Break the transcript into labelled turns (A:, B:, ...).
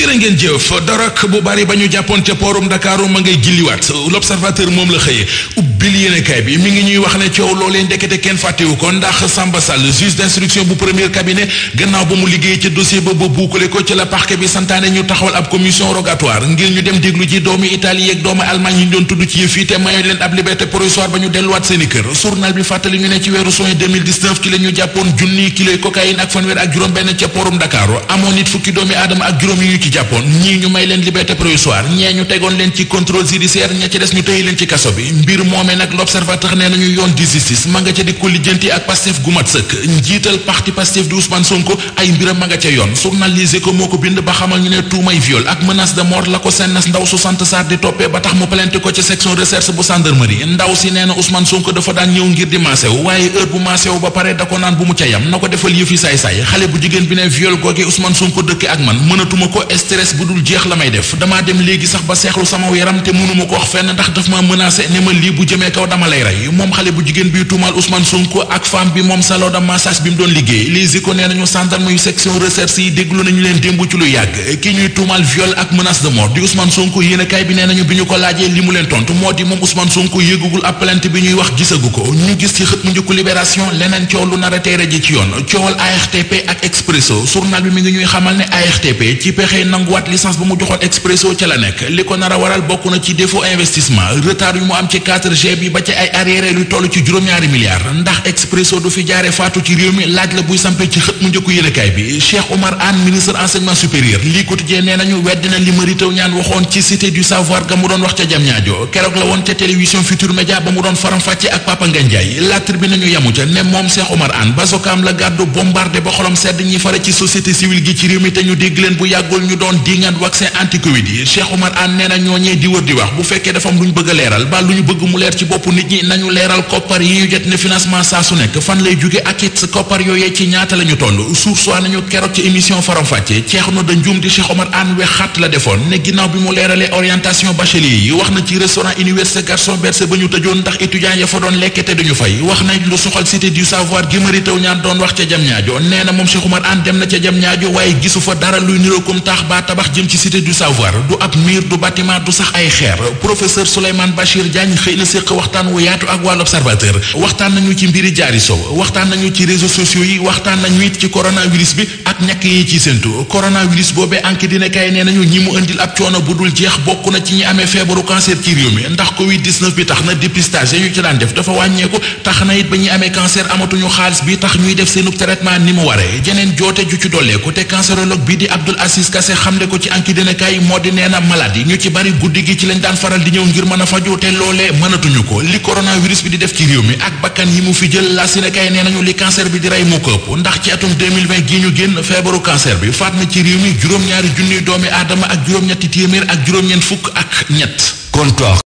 A: jërë ngeen jëf dorog bu bari ba ñu jàppoon ca poorum Dakaaru ma ngay gilliwaat l'observateur moom la xëyee ubbil yéenekaay bi mi ngi ñuy wax ne coow loolee ndekete kenn fàttewu ko ndax Samba Sall juge d'instruction bu premier cabinet gannaaw ba mu liggéey ca dossier ba ba buukale ko ci la parquet bi santaane ñu taxawal ab commission rogatoire ngir ñu dem déglu ji doomu Italie yeeg doomu Allemagne yi ñu doon tudd ci yëf yi te mayoon leen ab liberté ñi jàppoon ñii ñu may leen liberté provisoire ñee ñu tegoon leen ci contrôle judiciaire ña ci des ñu tëye leen ci kaso bi mbir moomee nag l'observateur nee nañu yoon di justice ma nga ca di ko lijjanti ak Pastef gu mat sëkk njiital parti Pastef di Ousmane Sonko ay mbiram ma nga ca yoon journalisé ko moo ko bind ba xamal ñu ne tuumay viol ak menace de mort la ko sennas ndaw su sant Sarr di toppee ba tax mu plainte ko ci section recherche bu gendarmerie ndaw stress bu dul jeex la may def damaa dem léegi sax ba seexlu sama yaram te mënuma ko wax fenn ndax daf ma menacé ne ma lii bu jëmee kaw dama lay rey moom xale bu jigéen bi tuumaal Ousmane Sonko ak femme bi moom salon de massage bi mu doon liggéey les échos nee nañu gendarme yu section recherche yi déglu nañu leen démb ci lu yàgg ki ñuy tuumaal viol ak menace de mort di Ousmane Sonko yéen bi nee nañu bi ñu ko laajee li mu leen tontu moo di moom Ousmane Sonko yëgugul ab plainte bi ko gis ci xët mu njëkku leneen coow lu nar a yoon coowal ARTP ak xëy nanguwaat licence ba mu joxoon Expresso ca la nekk li ko nar a waral bokk na ci défaut investissement retard yu mu am ci 4G bi ba ci ay arrière lu toll ci juróom-ñaari milliards ndax Expresso du fi jaare faatu ci réew mi laaj la buy sampee ci xët mu njëkku yéenekaay bi Cheikh Omar Anne ministre enseignement supérieur lii quotidien nee nañu wedd na li Mary waxoon ci cité du savoir ga mu doon wax ca Diamniadio keroog la woon ca télévision Futur ñu doon dingaan vaccin anti na a bi mu ca jam ñaajo nee moom Cheikh Oumar dem na ca jam ñaajo waaye gisu fa dara luy niroo tax tabax ba tabax jëm ci cité du savoir du ab miir du bâtiment du sax ay xeer professeur Souleymane Bachir Diagne xëy na séq waxtaan wu yaatu ak waa l'observateur waxtaan nañu ci mbiri jaari sow waxtaan nañu ci réseaux sociaux yi waxtaan nañu it ci coronavirus bi ak ñàkk yi ci séntu coronavirus boobee ank dina kay nee nañu ñi mu indil ab coono bu dul jeex bokk na ci ñi amee feebaru cancer ci réew mi ndax covid bi tax na dépistage yu ci daan def dafa wàññeeku tax na it ba ñuy amee cancer bi tax ñuy def seenu traitement ni mu waree jeneen joote ju ci dolleeku lancé xam ne ko ci enquête moo di nee na malade yi ñu ci bari guddi gi ci lañ daan faral di ñëw ngir mën a faju te loolee mënatuñu ko li coronavirus bi di def ci réew mi ak bakkan yi mu fi jël la si ne kay nee nañu li cancer bi di rey moo ko ëpp ndax ci atum gi ñu génn feebaru cancer bi faat na ci réew mi juróom-ñaari junniy doomi aadama ak juróom-ñetti téeméer ak juróom-ñeent fukk ak ñett comptoir